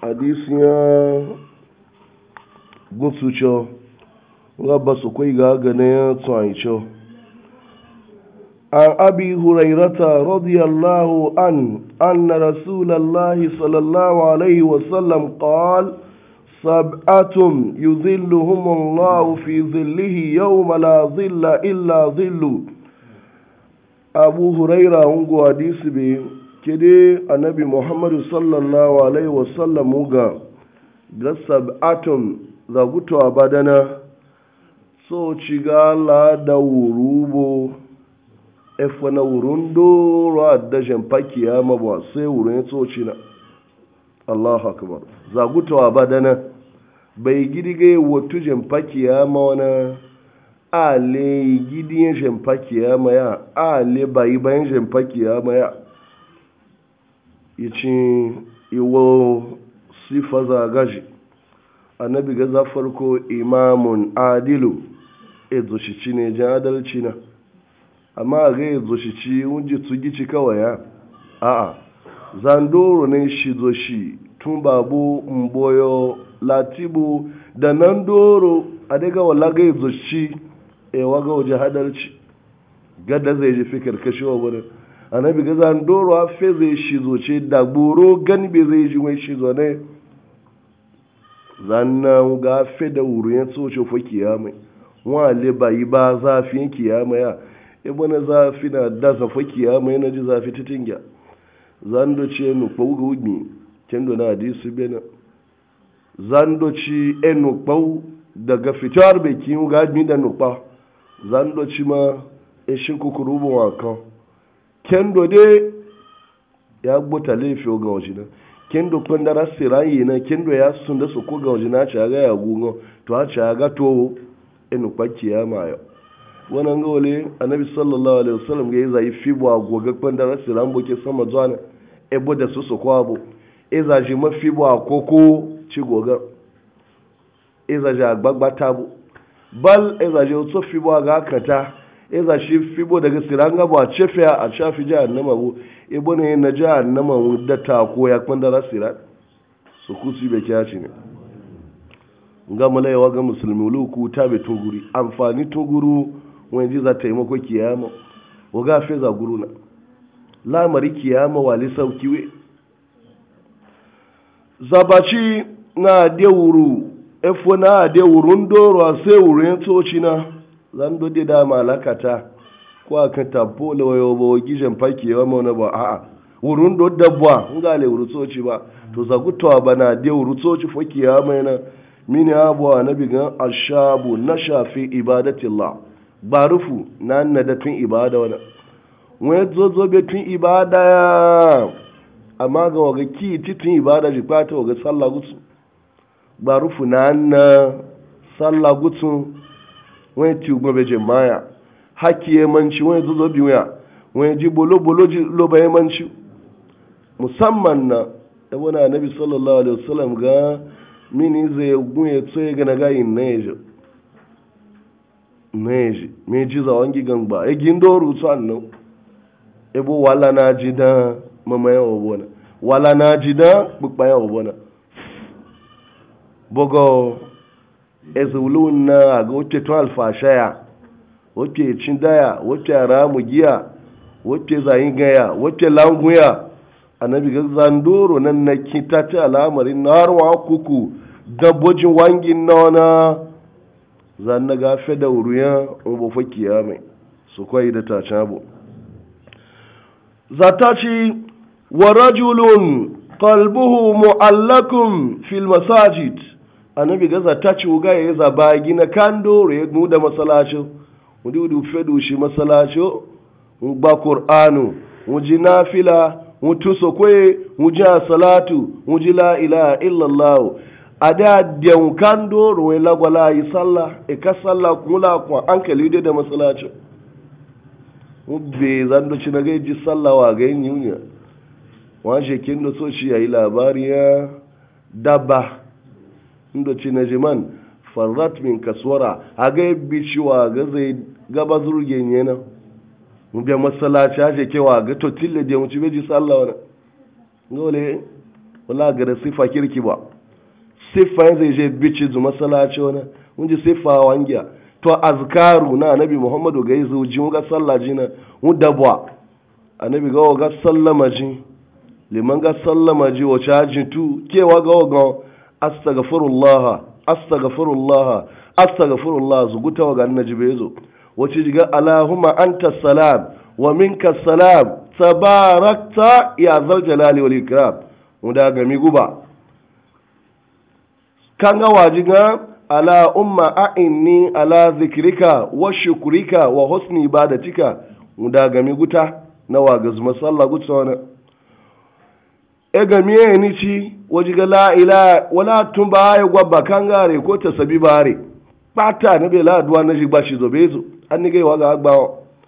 hadisiya gutsu cho rabba su ga gane tso a an abi hurairata radiyallahu an anna rasulallahi sallallahu alaihi wasallam qal sab'atum yuzilluhum Allah fi zillihi yawma la zilla illa zillu abu huraira ungu hadisi bi kede annabi muhammadu sallallahu alaihi wasallam ga ga sab'atun zagutowa badana so ci ga la da wurubo efa na wurun doro a dashen ma mabuwa sai wurin ci na allahu akbar zagutowa badana bai gidige watu ya ma wani ale gidiyen shamfakiya ma ya ale bayi bayan shamfakiya ma ya yace iwo sifa za gaji annabi ga za farko imamun adilu zushici ne jan adalci na amma ga zushici wunji tsugici kawai ya a'a zandoro ne shi zo tun babu mboyo latibu da nan doro a daga wala ga ezoshici e waga wajen adalci gada zai ji fikir kashewa wurin annabi ga zan hafe zai feze shi zoce da gani zai ji wai shi zone zanna ga fe da wurin soce fa kiyama wa le bayi ba zafin kiyama ya e zafi na da sa fa kiyama yana ji zafi titinga zan do ya mu ko ga wuni kendo na su bena zan do ci enu pau daga fitar be kin ga mi da nupa zan do ma e shin kukurubu wa kan kendo de ya gbota laifi ga wajina kendo kwandara sirayi na kendo ya sun da su ko ga wajina a caga ya gungo to a caga to inu kwaki ya mayo wannan ga wale annabi sallallahu alaihi wasallam ga yaza fi fibo a goga kwandara siran boke sama zuwa na ebo da su su kwabo ma fi mafibo a koko ci goga eza ji agbagba tabo bal eza ji otu fibo a ga kata iza shi fibo daga siranga ba cefe a shafi jahannama bu ibo ne na jahannama da ta ko ya kwandara sirat su kusi bai kya ne ga malayawa ga musulmi luku ta bai toguri amfani toguru wani ji za ta yi mako kiyama wa gafe za guru na lamari kiyama wali sauki we zabaci na adewuru efo na adewurun doro a sai wurin tsoci na zan dodi da malakata ko a kan tabo da wayo ba wa gijin faki yawa mauna ba a'a wurin do dabba in ga le wurutsoci ba to zagutowa ba na de wurutsoci faki ya mai na mini abuwa na bigan ashabu na shafi ibadatillah ba rufu na da tun ibada wani wani zo bai tun ibada ya amma ga waga ki tun ibada ji kwata waga sallah gutsu ba rufu na na sallah gutsu wani ti ugbo beje maya haki ya manci wani zuzo biyu ya wani ji bolo bolo ji loba ya manci musamman na na annabi sallallahu alaihi wasallam ga mini tso ya tsoye ga na gayin neje neje me ji za wangi gan ba e gindo rutu annu ebo wala na ji dan mama ya obona wala na ji da bukpa ya obona ezulun na ga wuce tun alfashaya wuce cin daya wuce ramu giya wuce zayin gaya wuce languya annabi ga zandoro nan na kita ta al'amarin na harwa kuku dabbojin wangin na zan na gafe da wuruya obo fakiya mai su kwayi da ta cabo zata ci wa rajulun qalbuhu mu'allakum fil masajid annabi gaza ta ci wuga ya za ba gina kando re mu da masalacho wudi wudi fedu shi masalacho mu ba qur'anu mu ji nafila mu tuso kwe mu ji salatu mu ji la ilaha illallah ada den kando re la gwala yi sallah e ka sallah kula ko an kali da masalacho mu be zando ci na ji sallah wa ga yin yunya wa shekin so shi yayi labariya dabba inda ce na jiman farrat min kaswara a ga bi ciwa ga zai gaba zurgen yana mu biya masallaci a shekewa ga to da mu ci beji sallah wani gole wala ga da sifa kirki ba sifa zai je bici zu masallaci wani mun ji sifa wangiya to azkaru na anabi muhammadu ga yi zuji mu ga sallah na mu dabwa anabi ga ga sallama ji liman ga sallama ji wa caji tu kewa ga ga astagfirullah astagfirullah astaghfirullah zuguta ga ganna bezo wace diga allahumma anta salam wa minka salam tabarakta ya zal jalali wal ikram muda ga mi guba kanga ga ala umma a'inni ala zikrika wa shukrika wa husni ibadatika muda ga mi guta na waga zuma sallah gutsa ega miye ni ci waje ga la ila wala tun ba ya gwabba kan gare ko ta sabi bare bata na be la duwa na shi ba shi zo bezo an ni gaiwa ga agba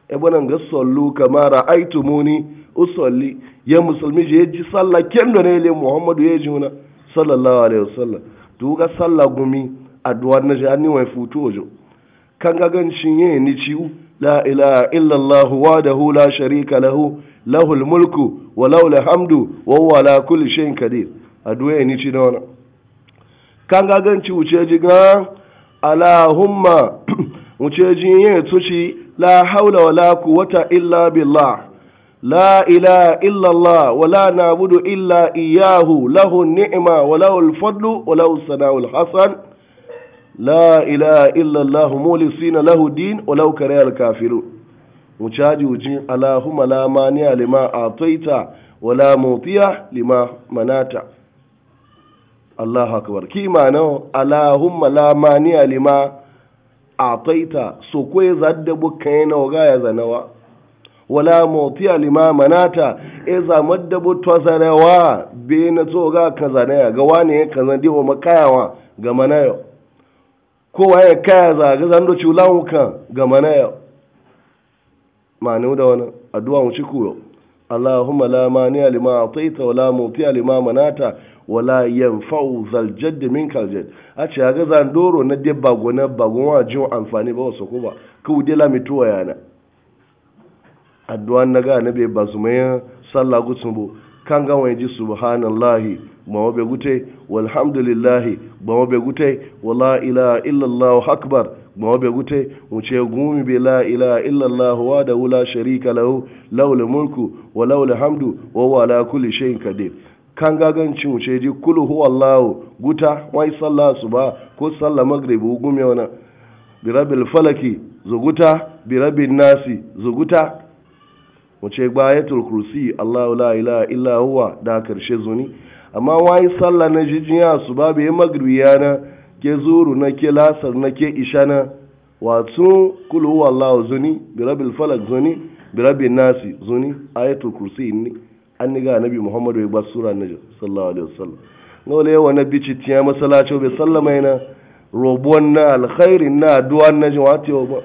e bana ga sallu kama ra'aitumuni usalli ya musulmi je ji sallah kendo ne le muhammadu ya ji una sallallahu alaihi wasallam to ga sallah gumi aduwa na shi an ni wai futu ojo kan ga gan shin ye ni ciu لا إله إلا الله وحده لا شريك له له الملك وله الحمد وهو على كل شيء قدير أدوية نيشي دونا كان غاغن تشي وتشي اللهم وتشي يتشي لا حول ولا قوة إلا بالله لا إله إلا الله ولا نعبد إلا إياه له النعمة وله الفضل وله الثناء الحسن la ilaha illallah mulisina lahu din walau kare alkafiru mu caji ujin allahumma la maniya lima ataita la mutiya lima manata Allahu akbar ki ma'ana allahumma la maniya lima ataita so ko zadda bukai na ga ya zanawa wala mutiya lima manata e za madda butwa zanawa be na tsoga kaza ne ga wane kaza diwa makayawa ga manayo kowa ya kaya zaga zan doci wuka ga mana yau ma'anu da wani addu'a wuce kuwa. kuyo Allahumma la mani lima ataita wala muti lima manata wala yanfa'u zaljad da min kaljad a ce ga zan doro na dai bagona na wa jin amfani ba wasu ko ba ku de la mituwa yana addu'a na ga na be su mai sallah gutsun bo kan gawa wani ji subhanallahi gbawo bai gute walhamdulillahi gbawo bai gute wala ila illallahu akbar gbawo bai gute ce gumi be la ila illallahu wa da wula sharika lahu laula mulku wa laula hamdu wa wala kulli shayin kadir kan gaganci ce ji kulu huwa guta wai sallah suba ko sallah magribu gumi wana birabil falaki zuguta birabin nasi zuguta ce gbayatul kursi allahu la ilaha illa huwa da karshe zuni amma wayi sallah na jijiya su babu ya magribi yana ke zuru na ke lasar na ke isha na wato kulu huwa Allah zuni bi rabbil falak zuni bi rabbin nasi zuni ayatul kursi ni an ga nabi muhammadu ya ba sura na sallallahu alaihi wasallam ngole yawa nabi ci tiya masallaci be sallama yana robuwan na alkhairin na duwan na wato ba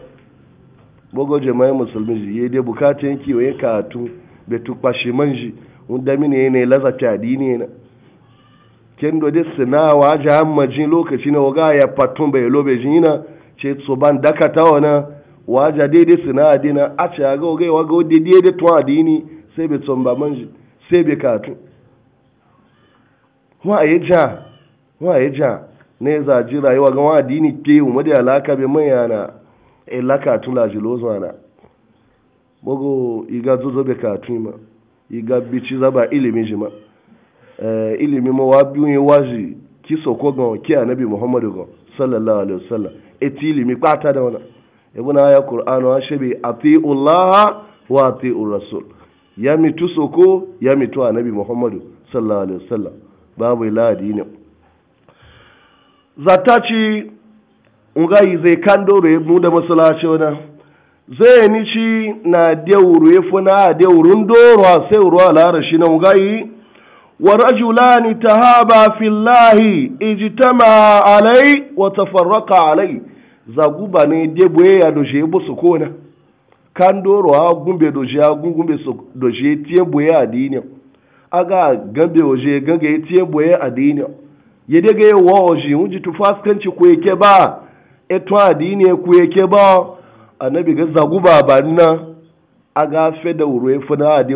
bogo jama'i musulmi ji yi dai bukatun kiwo ya katu bai tukpashi manji da mini ne lazata dini na kendo de sinawa ji hammajin lokaci na waga ya fatun bai lobe jina ce so ban dakata wana waja daidai sinawa dina a ce ga waga waga de daidai tuwa adini sai be tsomba manji sai be katu wa ya e ja wa ya e ja ne za ji rayuwa e ga wa adini ke umma da alaka be bai mayana e lakatu la jilozo ana bogo iga zozo be katu ma iga bici zaba ilimin jima Eh, ilimi mawa biyun biyu ya waji ki soko ga ki anabi muhammadu ga sallallahu alaihi wasallam eti ilimi kwata da wani ibn aya qur'anu ashabi atiullah wa atiur rasul ya mi tu soko ya mi tu anabi muhammadu sallallahu alaihi wasallam babu iladi ne zataci ungayi zai kando re mu da masalaci wani zai ni nici na dewuru ya funa a dewurun doro a sai ruwa larashi na ungayi ورجلان تهابا في الله اجتمع علي وتفرق علي zaguba ne يا ya doje bo sokona kan doro ha doje ha gumbe doje aga gambe oje gaga tie boye adini yede wo oje unji tu faskanci ku ba eto adini ku yake ba annabi ga zaguba banna aga da ade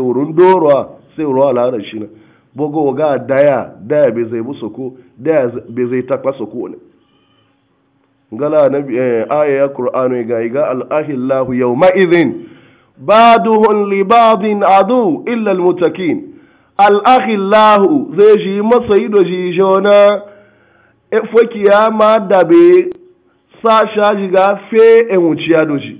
sai ala bogo ga daya daya bai zai musu ko daya bai zai takwa su ko ne gala na eh, aya ga ga al-ahillahu yawma idhin baduhun li badin adu illa al-muttaqin al-ahillahu zai ji masa ido ji jona e ma dabe sa shaji ga fe e wuciya doji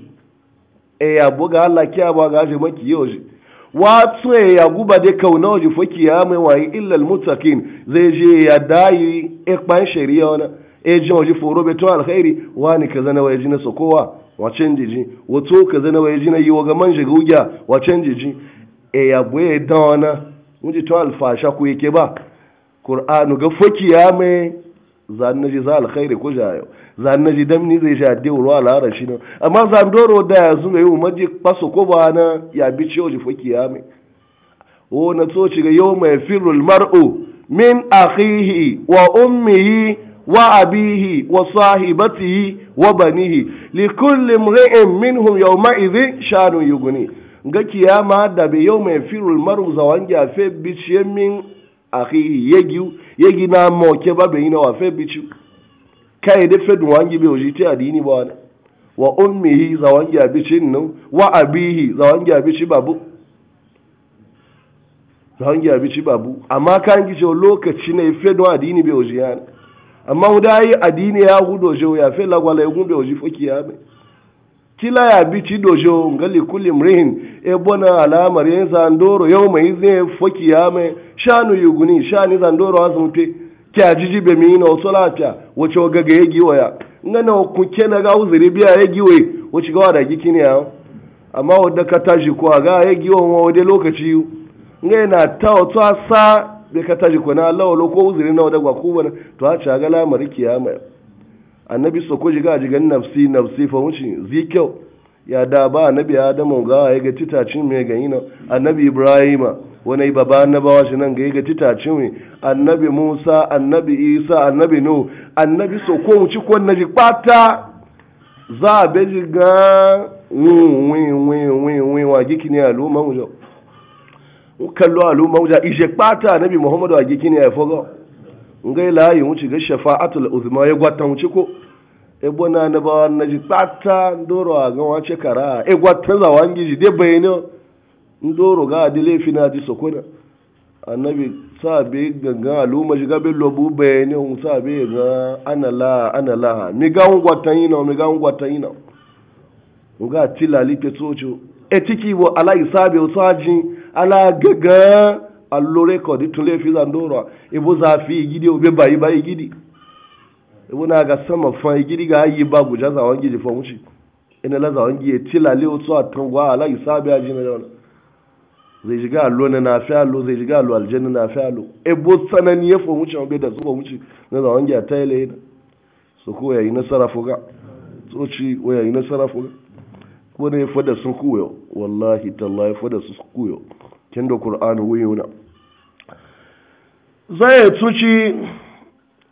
e ya boga Allah ba boga ji maki yoji wato ya guba de kauna waje foki ya mai wayi illal mutakin zai je ya dayi ikpan shari'a wani ejin waje foro beto alkhairi wani kaza na waje na sokowa wacen jiji wato kaza na waje na yiwa ga man shiga ugya wacen jiji e ya gwe da wani wuce to alfasha ku yake ba Kur'anu ga foki ya mai zan naji za alkhairi ko jayo zan naji damni zai sha de ruwa la shi ne. amma zan doro da yanzu ga yau maji paso ko ba na ya bi ciyo ji foki ya mai o na to ci ga yau mai firul mar'u min akhihi wa ummihi wa abihi wa sahibatihi wa banihi li kulli mri'in minhum yawma idhi shanu yuguni ga kiyama da bi yau mai firul mar'u zawangi afe bi min akhihi yegiu yegi na moke babe ina wa fe bichu kai da fe wangi be ojiti adini bwana wa ummihi za wangi abichi no wa abihi za wangi abichi babu za wangi abichi babu amma kan gijo lokaci ne fe don adini be ojiyana amma udai adini ya gudo jo ya fe lagwala ya gumbe oji fokiya be kila ya bi ci dojo ngali kulli mrihin e bona alamar yin zandoro yau mai zai foki ya mai shanu guni shani zandoro azumte kya jiji be mi na oso lafiya wace wa gaga yegi waya ngana ku na ga uzuri biya ya we wace ga wada ne ya amma wadda ka tashi ko ga ya wa wa wadda lokaci ngai na ta oto sa be ka tashi ko na Allah ko uzuri na wadda gwa ku to a ci ga lamar kiyama annabi ko jiga jigan nafsi nafsi fa wuce zikyau ya da ba annabi adamu ga ya ga titacin mai ga yino annabi ibrahima wani baba annabawa shi nan ga ya ga titacin mai annabi musa annabi isa annabi nu annabi soko wuce ko na ji kwata za a be jiga winwinwinwin wa giki ne al'umma wuja kallo al'umma wuja ije kwata annabi muhammadu wa giki ne ya fogo ngai layi wuce ga shafa'atul uzma ya gwata wuce ko e bona na ba na ji tata ndoro a ga wace kara e gwata za wangi ji de bayino ndoro ga adile fina ji sokona annabi sa be ganga aluma ji ga bello bu bayino sa be ga ana anala ana gwatan mi ga gwatan yino mi ga yino nga tilali pe socho e tiki bo ala isabe osaji ala gaga allo record tun laifi zandora ibo zafi gidi obe bayi bayi gidi ibo na ga sama fa gidi ga yi ba guja za wangi ji famuci ina la za wangi ya tilale wasu a wa ala yi sabi a jini da zai jiga allo na na fi allo zai jiga allo aljanna na fi allo ibo tsanani ya famuci obe da zuba muci na za wangi a tayle yana su ko ya yi nasara fuga tsoci ya yi nasara fuga ko ne ya fada sun kuyo wallahi tallahi fada sun kuyo kendo da qur'ani wuyuna zai tuci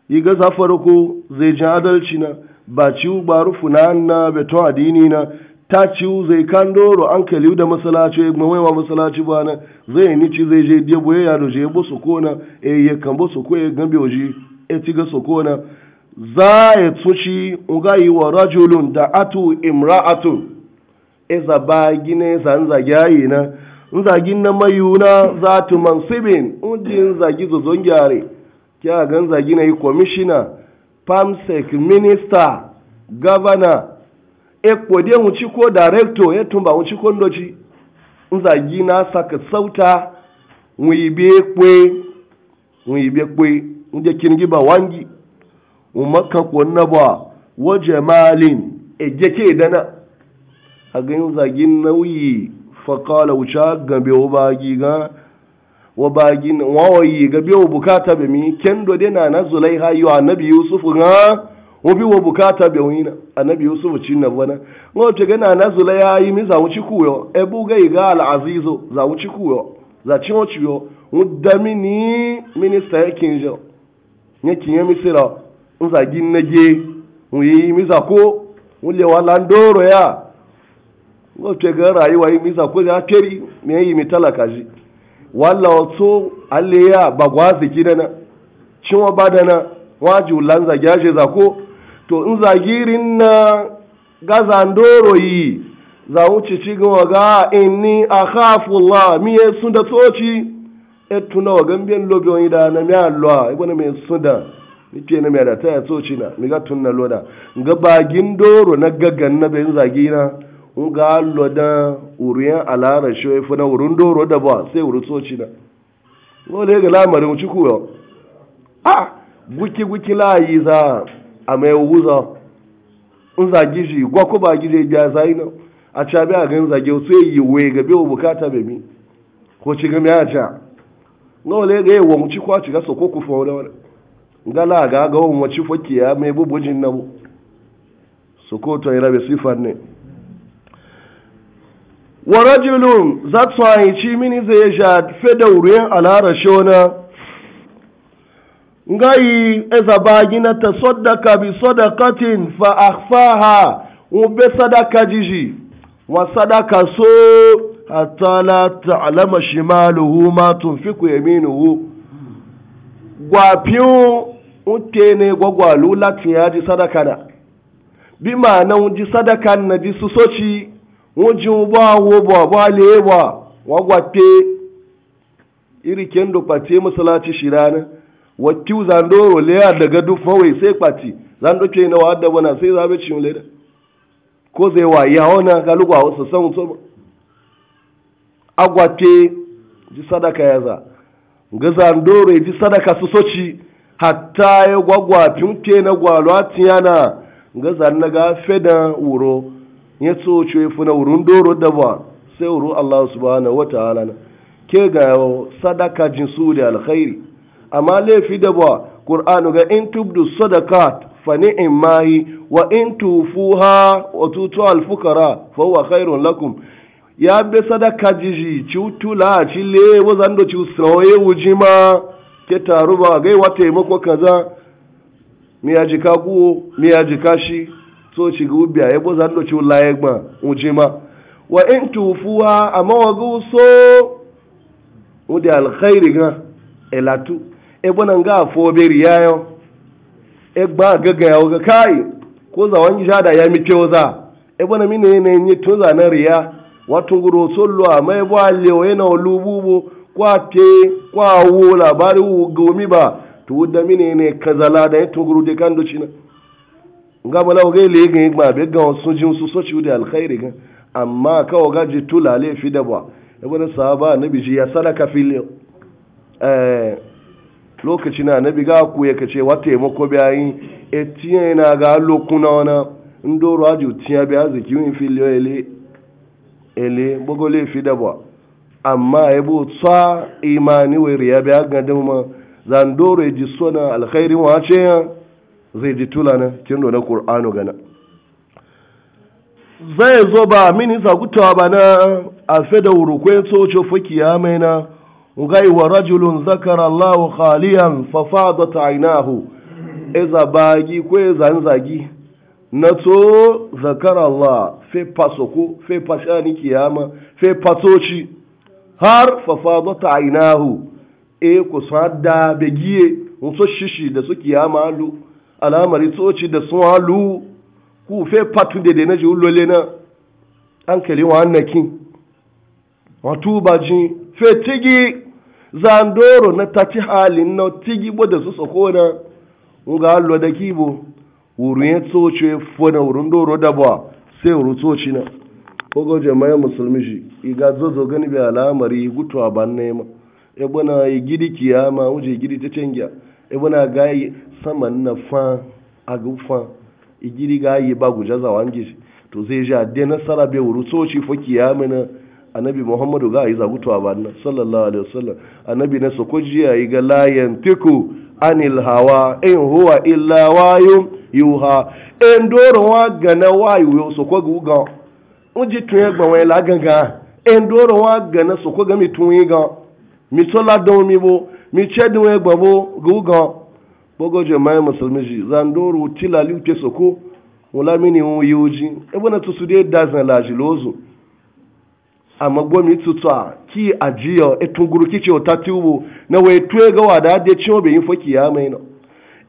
yi ga zafarku, zai ji adalci na ba ciwu ba rufu na na beton adini na ta ciwu zai kan doro an da masalaci ya gbamai wa masalaci ba na zai ni ci zai je diya boye ya je ya su kona e ya kan su ko ya gambe waje ya ci ga su kona za ya tuci uga yi wa rajulun da atu imra'atu e za ba gine na zagin na mayuna za tu mansibin ujin zagi zozon gyare kya gan zagi na yi kwamishina pamsec minista gavana ekpo de wuci ko director ya e tumba wuci ko ndoci nzagi na saka sauta wibe kwe wibe kwe nje kingi ba wangi umaka ko nabwa wa jamalin ejeke dana a ganin zagin nauyi faƙala wuce gabe wa bagi ga wa bagi wawayi gabe wa bukata be mi kendo dena na zulaiha yi wa annabi yusuf ga wa bi wa bukata be wina annabi yusuf ci na bana ngo te gana na zulaiha yi mi za wuci kuyo e bu ga ga al azizo za wuci kuyo za ci wuci yo mudami ni minista ya jo ne kin yemi sira un za gin naje un yi mi za ko un le wa landoro ya wace ga rayuwa yi misa ko ya feri me yi mi talaka ji walla wato alle ya bagwa ziki dana cin wa na? waju lanza gaje za ko to in zagirin na gaza ndoro yi za wuce ci ga ga inni akhafu allah mi sun da toci etuna wa gambien lobiyon yi da na mi alwa ibn me sun da nike na mi da ta ya toci na mi ga tunna loda ga bagin doro na gaggan na bayin zagina nga lo da uriyan alara shoye fana wurin doro da ba sai wurin chi na lole ga lamarin wuci kuwa a guki guki la yi za a mai wuza in za gwa ko ba gije ya sai a ca bi a gan zage sai yi we ga bi bukata be mi ko ci ga mi a ca lole ga yi wa wuci kwa ga so ko ku wala ga ga na mu ira wa rajulun za ci mini zai sha fe da wurin alara shona ngayi eza bagina ta sadaka bi sadaqatin fa akhfaha u bi sadaka jiji wa sadaka so hatta la ta'lama shimaluhu ma tunfiku yaminuhu gwafiyu utene gwagwalu latin ya ji sadaka na bi ma na ji sadaka na ji su soci wujin ba wo ba ba le ba wa gwape iri kendo pati masalaci shirana wa wakkiw zandoro le ya daga duk fawai sai pati zando ke na wadda bana sai zabe cin leda ko zai wa ya ona galugo a wasu san so agwate ji sadaka ya za ga zandoro ji sadaka su soci hatta ya gwagwa fin ke na gwalwa tiyana ga zanna ga fedan wuro ya tsoce funa wurin doro da ba sai wuru Allah subhanahu wataala na ke ga sadaka jin su da alkhairi amma laifi da ba qur'anu ga in tubdu sadakat fa ni'ma wa in tufuha wa tutu alfukara fa huwa khairun lakum ya bi sadaka jiji ciutula ci le wazan do ci soye wujima ke taruba ga wata mako kaza miya jika kuwo miya jika shi so ci ga ubiya ya boza ndo ci wula yegba ma wa in tufuwa amma wa ga so wudi alkhairi ga elatu e bonan ga fo be riyayo e gba gaga ya ga kai ko za wani jada ya mi za e bona mine ne to tunza na riya guro so lo amma e bo alle o yana olububu kwa ke kwa wula bari u gomi ba to da mine ne kazala da ya tunguru de kando china nga bala ga ile ga igba be ga sun jin su so ci da alkhairi ga amma ka ga ji tulale fi da ba ibn e sahaba nabi ji ya sadaka fil eh na ga ku ya kace wa taimako bayi etiye na ga lokuna na ndo raju tiya be aziki win fil ele ele ga fi da ba amma yabo e tsa imani we riya be ga dama zandoro ji sona ya zai ji tulana kin na qur'anu gana zai zo ba mini zagutawa ba na a wurukwai tsoci tsoce ya mai na ngai wa rajulun zakara Allah khaliyan fa fadat aynahu iza e bagi ko zanzagi na to zakara Allah fe pasoko fe pashani kiyama fe patoci har fa aina hu. e ku sadda begiye so shishi da su kiyama lu alamari tsoci da sun halu ku fe patu da na ji ulole na an kali wa annaki wato ji fe tigi zandoro na tati halin na tigi bo da su sako na nga allo da kibo wurin tsoci na wurin doro da ba sai wurin tsoci na kogo jama'a musulmi shi iga zozo gani bi alamari gutuwa ban nema ebona igidi kiyama uje igidi ta cengiya ebona gayi saman na fa agufa igiri gayi ba guja za wangi to zai ji de na sarabe wuru soci fo kiyamina annabi muhammadu ga yi zagutuwa ba na. sallallahu alaihi wasallam annabi na sokoji jiya yi ga layan tiku anil hawa in huwa illa wayum yuha en doro wa gana wayu yo soko guga unji tun ya wen la ganga en doro wa gana soko ga mi tun yi ga mi tola don mi bo mi cedi we gbabo gugo bogo mai musulmi ji zandoro tilali uke soko wala mini won yoji e bona to sude dazan la ama amma gomi a ki ajio etunguru kiche kici otati ubu na we tuwe ga da de chiwo be yin foki ya mai no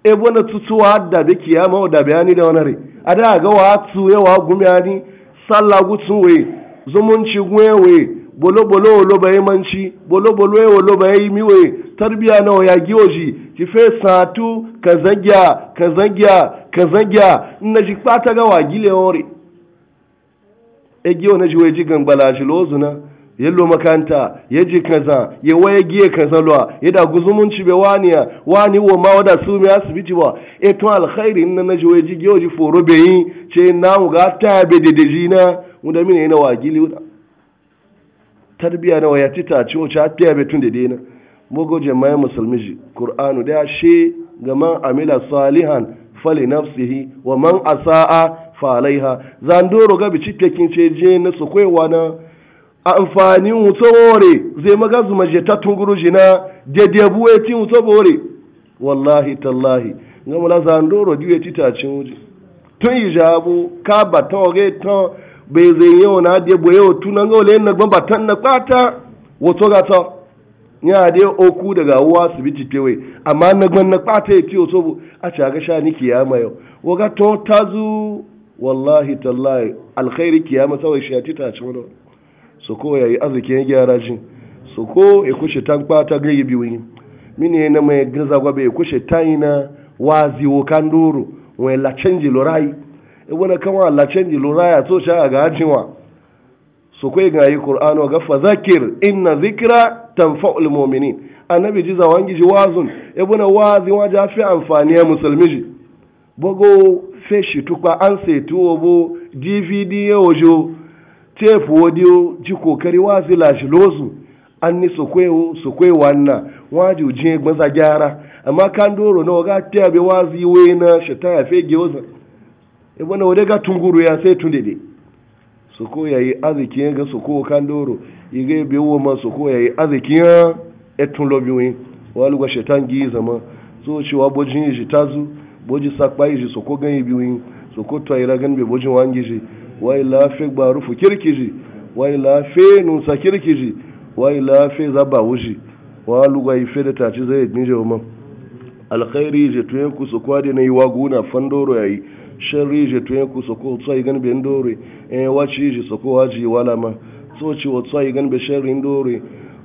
e bona wa da be kiyama o da ani da onare ada ga wa tu ye wa gumiani sallah gutsuwe zumunci we. bolo-bolo lo bai manci bolo-bolo ya wolo bai miwe tarbiya nawa ya giwoji ki fe satu ka zagya ka zagya ka zagya na ji kpata ga wa gile ori e giwo na ji wai ji gangbala shi lozuna yallo makanta ya ji kaza ya waye giye kaza lo ya da guzumunci bai waniya wani wo ma wada su mai asibiti ba e tun alkhairi inna na ji wai ji giwoji foro bai yi ce na mu ga ta be dedeji na wanda mini yana wa gile wuda tarbiya na waya tita ci wuce hafiya bai tun da dina mugo jama'a musulmi ji qur'anu da she ga man amila salihan fali nafsihi wa man asaa fa alaiha zandoro ga bici pekin ce je na su kwaiwa na amfani wutsore zai maga zuma je ta tunguru jina dede buwe ti wutsore wallahi tallahi ga mula zandoro diwe tita ci wuce tun yi jabu ka ba ta wage ta bai zai yau na de bo yau tunan ga walayen na gbamba tan na kwata wato ga ta ya de oku daga uwa su biti tewe amma na gban na kwata ya ce wato a cha ga sha ni kiyama yau waga to tazu wallahi tallahi alkhairi kiyama sai shi ya ci ta ci wani su ko ya yi arzikin ya gyara shi su ko e kushe tan kwata gari biyu yi mini na mai gaza gwabe ya e kushe tayina wazi wo kanduru wai la change lorai wani kama lacen yi lura ya so sha ga hajjinwa su kai ga yi Qur'ano ga fa zakir inna zikra tanfa'ul a annabi ji zawan giji wazun ibn wazi wa ja fi amfani ya musulmi ji bogo fe shi tukwa an sai tuwo bo dvd ya ojo tefu audio ji kokari wazi lashi lozu an ni su kai wannan waji ujin gbaza gyara amma kan doro na waga tebe wazi wena shi ta ya fe ibn e, wade ga tunguru ya sai tun dede su ko yayi azikin ga su ko kan doro yige be wo ma su ko yayi azikin etun lobi wi walu ga shetan gi zama so shi wa bojin yi tazu boji sakpa yi su ko gan yi biwi su ko to ira gan be bojin wangi ji wai la fe gba rufu kirkiji wai la fe nun sa kirkiji wai la fe zaba wuji walu ga yi fe da taci zai dinje wo ma alkhairi je tuyen ku su kwade na yi wa waguna fandoro yayi sharri je to yanku soko tsayi gan be ndore eh wachi je soko waji wala ma so ci wa tsayi gan be sharri ndore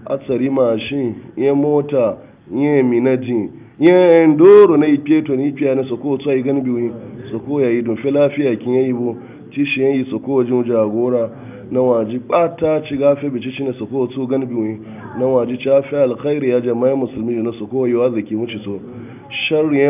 atsari mashin ye mota ye minaji ye ndoro na ipeto ni ipia na soko tsayi gan bi soko yi don fe lafiya kin yayi bo shi yayi soko wajin jagora na waji bata ci gafe bi ci na su tsu gan biyu na waji ci hafi alkhairi ya jama'a musulmi na su kowa yiwa zaki muci so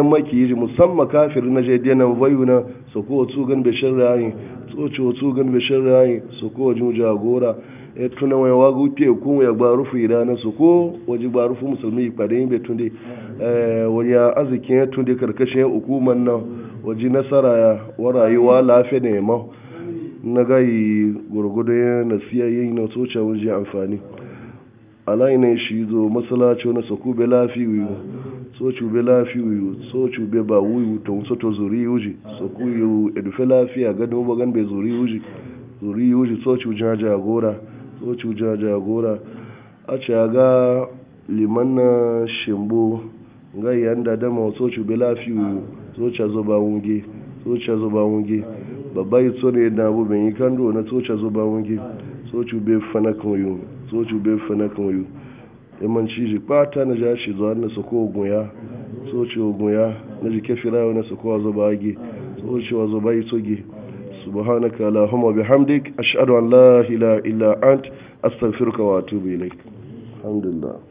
maki yi musamman kafir na bayu na su kowa tsugan bai sharrayi tsoci tsugan bai sharrayi su kowa jin jagora ya tuna wani wagu ke kun ya gbaru fi na su ko waje gbaru fi musulmi kwade yin bai tunde eh, wani ya arzikin ya tunde karkashin hukumar nan waje nasara ya wa rayuwa lafiya da yamma na gayi gurgudu ya nasiya yi na tsoci wajen amfani ala na shi zo masalaci wani sako be lafi wiwu so cube lafi wiwu so cube ba wiwu ta wuso to zuri yuji so ku yiwu edufe lafiya gani ba gan be zuri yuji zuri yuji so cu jaja gora so a ce ga liman na shimbo ga ma so cube lafi wiwu so zo ba wunge so zo ba wunge babba so ne abu na so ca zo ba wunge so cube soci bai fana kan yi iman ciji bata na jashi zuwa na su ko gunya soci gunya na jike firayo na su ko wazo bagi soci wazo bai sogi subhanaka allahumma bihamdik ashhadu an la ilaha illa ant astaghfiruka wa atubu ilaik alhamdulillah